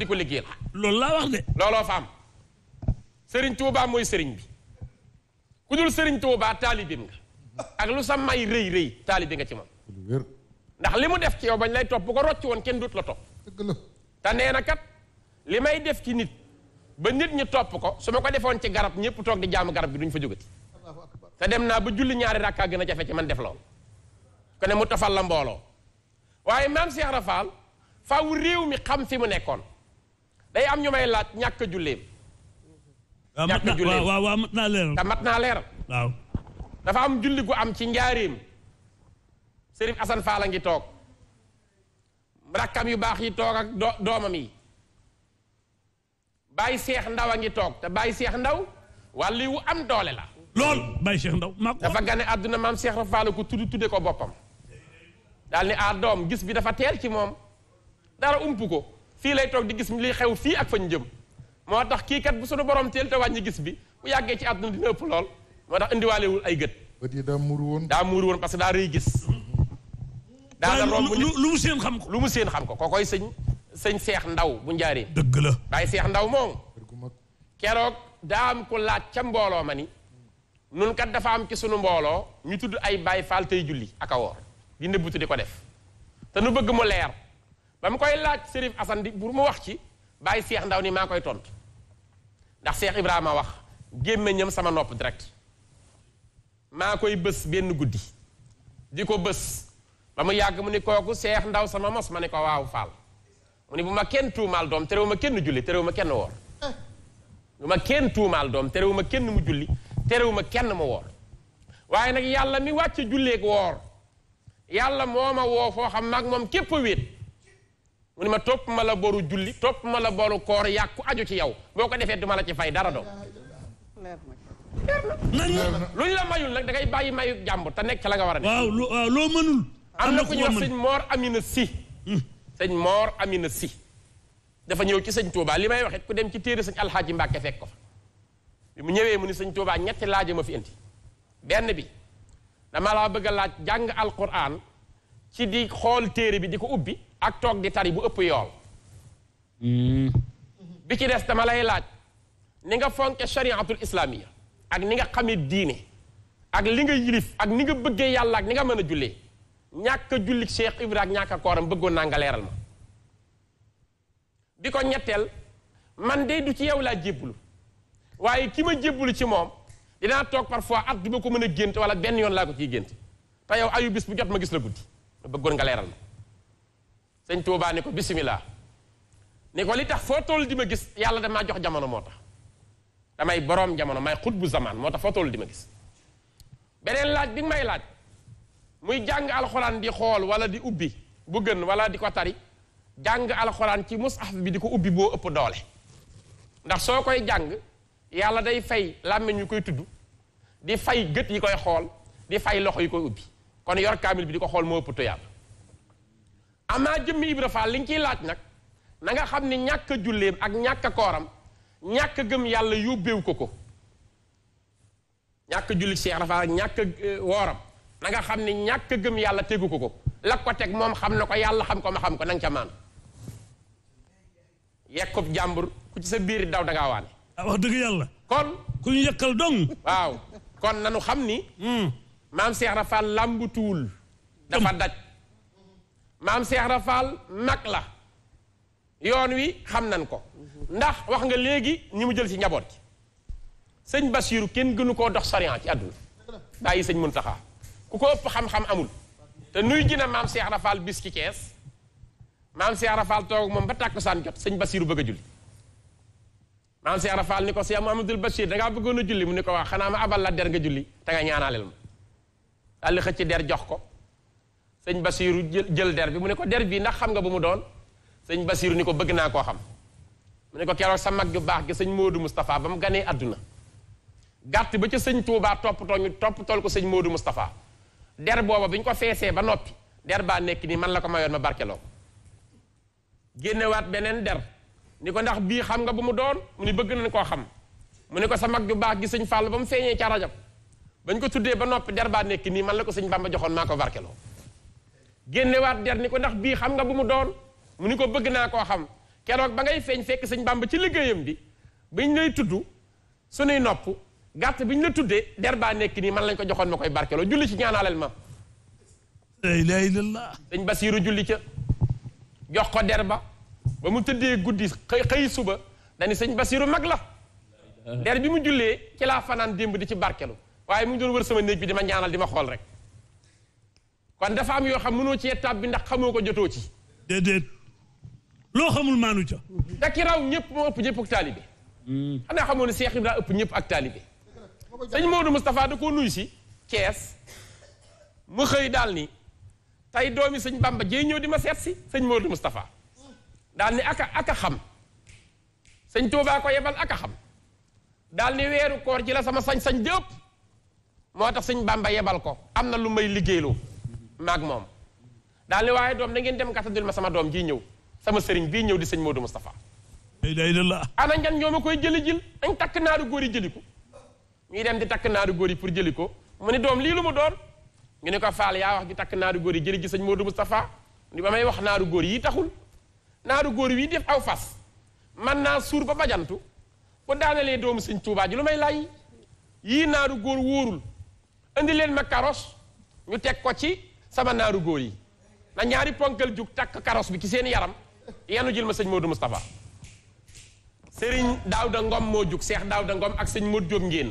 di ko liggéeyal. Ah, loolu laa wax de. looloo fa am Serigne mooy sëriñ bi ku dul sëriñ Touba taalibeem nga ak lu sa may rëy rëy taalibe nga ci moom. ndax li mu def ci yow bañ lay topp bu ko rocc woon kenn dut la topp. dëgg la te nee na kat li may def ci nit ba nit ñi topp ko su ma ko defoon ci garab ñëpp toog di jaamu garab gi duñ fa jógati. te dem naa ba julli ñaari rakkaa gën a jafe ci man def lool ko ne mu tofal la mbooloo waaye maam Cheikh Rafal faaw réew mi xam fi mu nekkoon. day am ñu may laaj ñàkk julleem ñàkk julleem waaw waaw mat naa leeral te mat naa leeral dafa am julli ku am ci njaarim Sërif Asan Faal ngi toog rakkam yu baax yi toog ak doomam yi Baye Seex Ndaw a ngi toog te Baye Seex Ndaw wàllu wu am doole la lool Baye Seex Ndaw maa ko dafa gane àdduna maam Seex Ra Faal ko tudd tudde ko boppam dal ni aar ah, doom gis bi dafa teel ci moom dara ump ko fii lay toog di gis li xew fii ak fañ jëm moo tax kii kat bu suñu borom teel te wàññi gis bi bu yàggee ci àdduna dina ëpp lool moo tax indiwaalewul ay gët. bët yi daa muur woon daa muur woon parce daa rëy gis. daa lu mu xam lu mu seen xam ko kookoy sëñ sëñ seex ndaw bu njaaree. dëgg la waaye seex ndaw moom. keroog daa am ko laaj ca mbooloo ma ni. nun kat dafa am ci suñu mbooloo ñu tudd ay baay faal tey julli ak a woor di nëbbutu di ko def te nu bëgg mu leer. ba mu koy laaj Serif Assane di pour mu wax ci bàyyi Seex Ndaw ni maa koy tontu ndax Seex Ibrahima wax gémmiñam sama nopp direct maa koy bës benn guddi di ko bës ba mu yàgg mu ne kooku Seex Ndaw sama mos ma ne ko waaw faal mu ni bu ma kenn tuumaal doom terewu ma kenn julli terewu ma kenn woor bu ma kenn tuumaal doom terewu ma kenn mu julli terewu ma kenn mu woor waaye nag yàlla mi wàcc julleeg woor yàlla moo ma woo foo xam mag moom képp a wéet mu ne ma topp ma la boru julli topp ma la boru koor yàqu aju ci yow boo ko defee du ma la ci fay dara doo lu ñu la mayul nag dangay bàyyi mayu jàmbur te nekk ca la nga war a ne waaw loo mënul am na ku ñu wax sëñ Mor na Si hmm. sëñ Mor Amina Si dafa ñëw ci sëñ Touba li may waxit ku dem ci téere sëñ Alxaaji Mbàkke fekk ko fa mu ñëwee mu ni sëñ Touba ñetti laaje ma fi indi benn bi dama laa bëgg a laaj jàng alquran ci di xool téere bi di ko ubbi ak toog di tari bu ëpp yool hmm. bi ci des dama lay laaj ni nga fonke chariatul islamiya ak ni nga xamee diine ak li nga yilif ak ni nga bëggee yàlla ak ni nga mën a jullee ñàkk a julli Cheikh Ibra ak ñàkk a kooram bëggoon naa nga leeral ma bi ko ñetteel man de du ci yow laa jébbalu waaye ki ma jébbalu ci moom dinaa toog parfois at du ma ko mën a gént wala benn yoon laa ko ciy gént te yow ayu bis bu jot ma gis la guddi bëggoon nga leeral ma dañ Tuubaa ne ko bisimilah ni ko li tax foo toll di ma gis yàlla damaa jox jamono moo tax damay boroom jamono may xut bu zamaan moo tax foo toll di ma gis beneen laaj bi may laaj muy jàng alxuraan di xool wala di ubbi bu gën wala di ko tari jàng alxuraan ci mushaf bi di ko ubbi boo ëpp doole ndax soo koy jàng yàlla day fay làmmiñ yu koy tudd di fay gët yi koy xool di fay loxo yi koy ubbi kon yor kaamil bi di ko xool moo ëpp tuyaaba amaa jëmmi Ibra Faal li nga ciy laaj nag na nga xam ni ñàkk a julleem ak ñàkk a kooram ñàkk gëm yàlla yóbbeewu ko ko ñàkk a julli Cheikh Rafaal ak ñàkk eh, wooram na xam ni ñàkk gëm yàlla tegu ko ko la ko teg moom xam na ko yàlla xam ko ma xam ko na nga ca maan yekkub jàmbur ku ci sa biir daw danga ngaa waane ah, wax dëgg yàlla kon ku ñu dong waaw kon nanu xam ni hmm. maam Cheikh Rafaal làmbutuwul dafa hmm. daj maam Cheikh Ibra nag la yoon wi xam nañ ko ndax wax nga léegi ñi mu jël ci njaboot ci sëñ Basiiru kenn gënu koo dox sariyan ci àdduna bàyyi sëñ Muntaxa ku ko ëpp xam-xam amul te nuy gën a maam seex Ibra Fall bis ci kees maam Cheikh Ibra Fall moom ba tàkkusaan jot sëñ Basiiru bëgg a julli maam Cheikh Ibra Fall ni ko Cheikh Mouhamadoul Bachir da ngaa bëggoon a julli mu ni ko waa xanaa ma abal la der nga julli te nga ñaanaaleel ma dalli xëcc der jox ko sëñ Basiiru jël der bi mu ne ko der bii ndax xam nga bu mu doon sëñ Basiiru ni ko bëgg naa koo xam mu ne ko keroog sa mag ju baax gi sëñ Moodu Moustapha ba mu ganee àdduna gàtt ba ca sëñ Touba toppatoo ñu toppatool ko sëñ Moodu Moustapha der booba bi ñu ko feesee ba noppi der baa nekk nii man la ko mayoon ma barkeloo ko beneen der ni ko ndax bii xam nga bu mu doon mu ni bëgg nañ koo xam mu ne ko sa mag ju baax gi sëñ Fàll ba mu feeñee ca rajab bañ ko tuddee ba noppi der baa nekk nii man la ko sëñ ma joxoon maa ko barkeloo génnewaat der ni ko ndax bii xam nga bu mu doon mu ni ko bëgg naa koo xam keroog ba ngay feeñ fekk sëñ Bàmba ci liggéeyam bi biñ lay tudd sunuy nopp gàtt biñ la tuddee der baa nekk nii man lañ ko joxoon ma koy barkeloo julli ci ñaanaleel ma la ilaha illallah Basiiru julli ca jox ko der ba ba mu tëddee guddi xëy suba dani sëñ Basiiru mag la der bi mu jullee ci laa fanaan démb di ci barkelu waaye mu ngi doon wër sama néeg bi di ma ñaanal di ma xool rek kon dafa am yoo xam mënoo cee étape bi ndax xamoo ko jotoo ci. loo xamul maanu ca. te raw ñëpp moo ëpp ñëpp ak taalibe. Hmm. xanaa xamoo ne Cheikh Ibrahima ëpp ñëpp ak taalibe. sëñ Maodo Moustapha da koo nuyu si. kees mu xëy daal ni tey doomi sëñ Bamba jëy ñëw di ma seet si sëñ Maodo Moustapha daal ni aka aka xam sëñ Touba ko yebal aka xam daal ni weeru koor ji la sama sañ-sañ jëpp moo tax sëñ Bamba yebal ko am na lu may liggéeyloo. maag moom daal ni waaye doom da ngeen dem gàttandul ma sama doom ji ñëw sama sëriñ bii ñëw di sëñ Modou Moustapha la ana ñan ñoo ma koy jëli jil dañ takk naaru góor yi jëli ko ñuy dem di takk naaru góor yi pour jëli ko mu ni doom lii lu mu doon ñu ne ko faal yaa wax gi takk naaru góor yi jëli ji sëñ Modou Moustapha ni ba may wax naaru góor yi taxul naaru góor yi def aw fas man naa suur ba bajantu bu daanalee doomu sëñ Tuubaa ji lu may lay yii naaru góor wóorul indi leen ma karos ñu teg ko ci sama naaru góor yi na ñaari ponkal jug takk karos bi ci seen yaram yenu jël ma sëñ Modou Moustapha sëriñ da Ngom moo jug seex da Ngom ak sëñ Modou Diop ngeen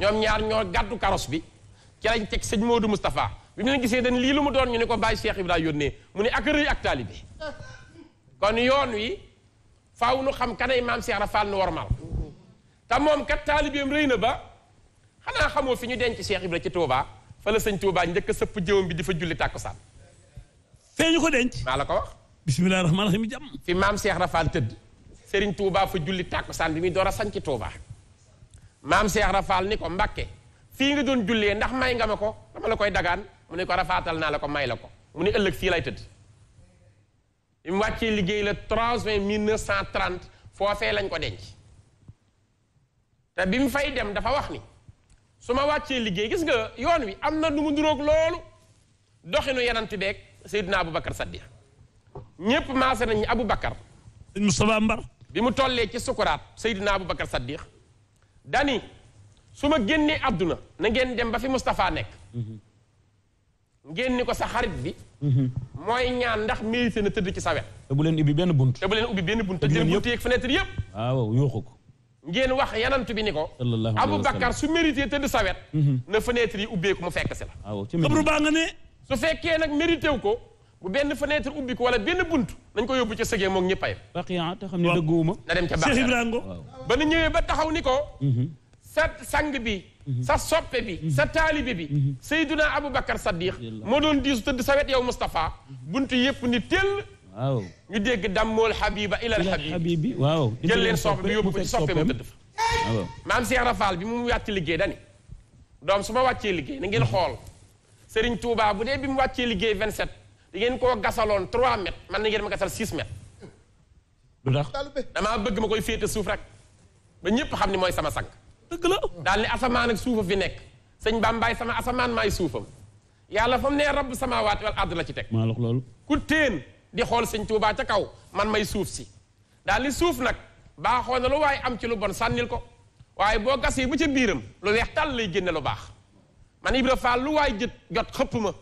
ñoom ñaar ñoo gàddu karos bi ci lañ teg sëñ Modou Moustapha bi mu leen gisee dañ lii lu mu doon ñu ne ko bàyyi bi Ibrahima yónnee mu ne ak rëy ak taalibe kon yoon wi faaw nu xam kanay maam Cheikh Rafal nu warmal te moom kat taalibeem rëy na ba xanaa xamoo fi ñu denc Cheikh Ibrahima ci Touba. fa la sëñ Tuubaa njëkk sëpp jëwam bi di fa julli tàkkusaan feeñu ko denc maa la ko wax bisimilah rahmaani rahiim jàmm fi maam Cheikh Rafal tëdd Serigne Touba fa julli tàkkusaan bi muy door a sanc Touba maam Cheikh Rafal ni ko Mbàkke fii nga doon jullee ndax may nga ma ko dama la koy dagaan mu ne ko rafaatal naa la ko may la ko mu ne ëllëg fii lay tëdd bi mu wàccee liggéey la 3 mai 1930 foofee lañ ko denc te bi mu fay dem dafa wax ni su ma wàccee liggéey gis nga yoon wi am na nu mu duróog loolu doxinu yenant beeg Seydina Aboubacar Saddiq ñépp maase nañu abu sëñ Moustapha Mbar bi mu tollee ci sukuraat Seydina Aboubacar Saddiq dani su ma génnee àdduna na ngeen dem ba fi mustafaa nekk ngeen ko sa xarit bi mooy ñaan ndax mérité na tëdd ci sawet wet te bu leen ubbi benn bunt te bu leen ubbi benn bunt te jël bunt yeeg fenêtre yëpp waaw yuuxu ko ngeen wax yanantu bi ni ko abou bakar su mérité tëdd sawet mhm. na fenêtre yi ubbeeku mu fekk si la xabru ah, baa nga ne su fekkee nag mérité wu ko bu benn fenêtre ubbi ko wala benn bunt nañ ko yóbbu ca sëgee moom ñëppay baqiya te xam ne na ba nu ñëwee ba taxaw ni ko mhm. sa sang bi mhm. sa soppe bi sa taalibe bi sayduna abou bakar saddiq moo doon diisu tëdd sawet yow moustapha bunt yëpp ni tell waaw ñu dégg dammool Habiba ilal Habibi waaw jël leen bi yóbbu ko ci soppe mu tëdd fa. maam Cheikh Rafal bi mu wàcc liggéey dani doom su ma wàccee liggéey na ngeen mm-hmm. xool Serigne Touba bu dee bi mu wàccee liggéey 27 da ngeen koo gasaloon 3 man na ngeen ma gasal 6 mètres. lu tax damaa bëgg ma koy féete suuf rek ba ñëpp xam ni mooy sama sang. dëgg la daal ni asamaan ak suufa fi nekk sëñ Bambaay sama asamaan maay suufam yàlla fa mu nee rabb samaawaati wal ard la ci teg. maa loolu ku di xool sëñ Tuubaa ca kaw man may suuf si daal li suuf nag baaxoo na lu waaye am ci lu bon sànnil ko waaye boo gasee ba ca biiram lu weex tàll lay génne lu baax man Ibra Faal lu waay jët jot xëpp ma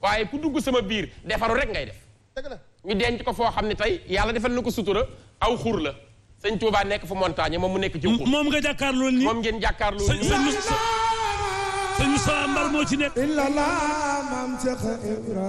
waaye ku dugg sama biir defaru rek ngay def ñu denc ko foo xam ne tey yàlla defal na ko sutura aw xur la sëñ Tuubaa nekk fa montagne moom mu nekk ci xur moom nga jàkkaarloo nii moom ngeen jàkkaarloo nii sëñ Musaa Mbar moo ci nekk illa la maam Cheikh Ibra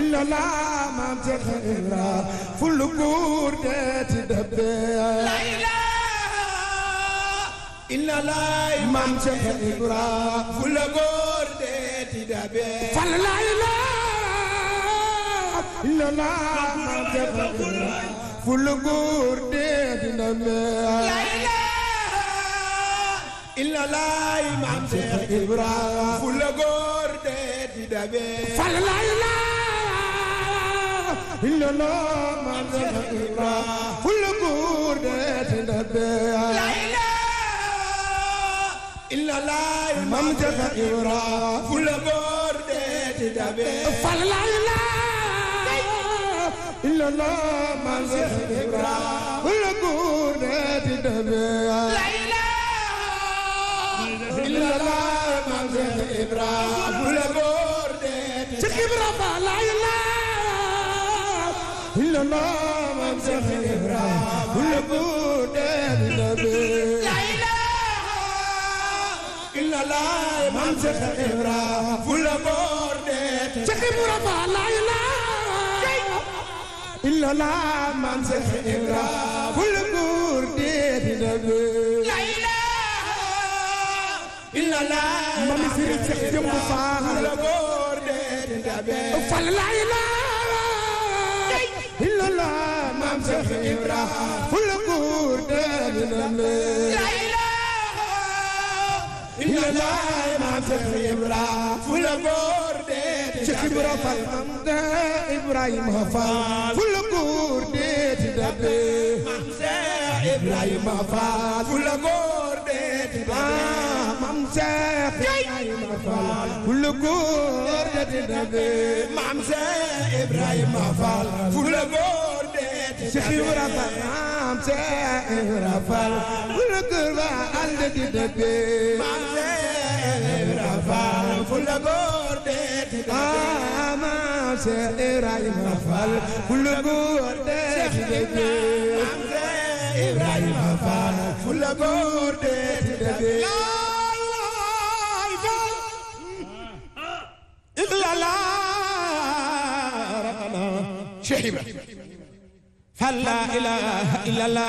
illa la maam Seex Ibra ful buur dee ci dëbbe la ilaha illa la maam Seex Ibra ful buur dee إلا الله ما أنزل إلا كل قردة نبيها لا إله إلا الله ما أنزل إلا كل قردة نبيها فلا إله إلا الله ما أنزل إلا كل قردة نبيها لا إله إلا الله ما أنزل إلا كل قردة نبيها إلا الله من سخر كل بود النبي لا إله إلا الله من سخر كل بود سخر رفع لا إله إلا الله من سخر كل بود النبي لا إله إلا الله من سخر كل بود النبي فلا إله la maam Seex Ibra fu la nguur te dina la la ilaha illallah maam Seex Ibra fu la nguur te Seex Ibra Fall maam de Ibrahima Fall fu la nguur te dina la maam Seex Ibrahima Fall fu la nguur te dina la maam Seex Ibrahima Fall fu la nguur te dina la maam Seex Ibrahima Fall fu la nguur Cheikh Ibra Fall maam Cheikh Ibra Fall fu la góor ba ànd di dëbbee maam Cheikh Ibra Fall fu la góor dee di dëbbee maam Cheikh Ibrahima Fall fu la góor dee di dëbbee maam Cheikh Ibrahima Fall fu la góor dee di dëbbee Cheikh Ibrahima fala ilaha illallah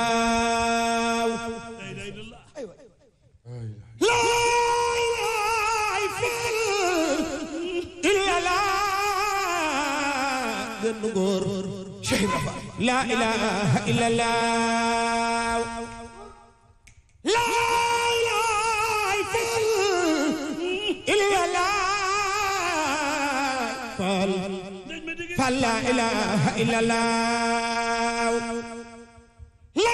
la ilaha illallah la la ilaha illallah la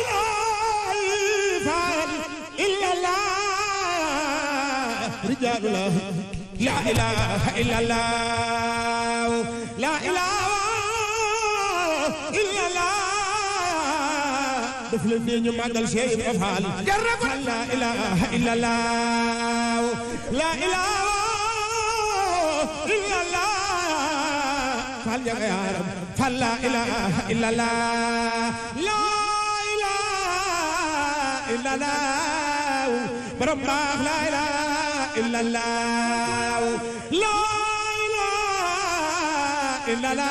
ilaha illallah rijalullah la ilaha illallah la ilaha illallah def leen ne ñu màggal Cheikh Ibra Fall la ilaha illallah la ilaha fal ya rab fal la ilaha illa la la ilaha illa la borom baax la ilaha illa la la ilaha illa la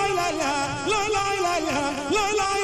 لولا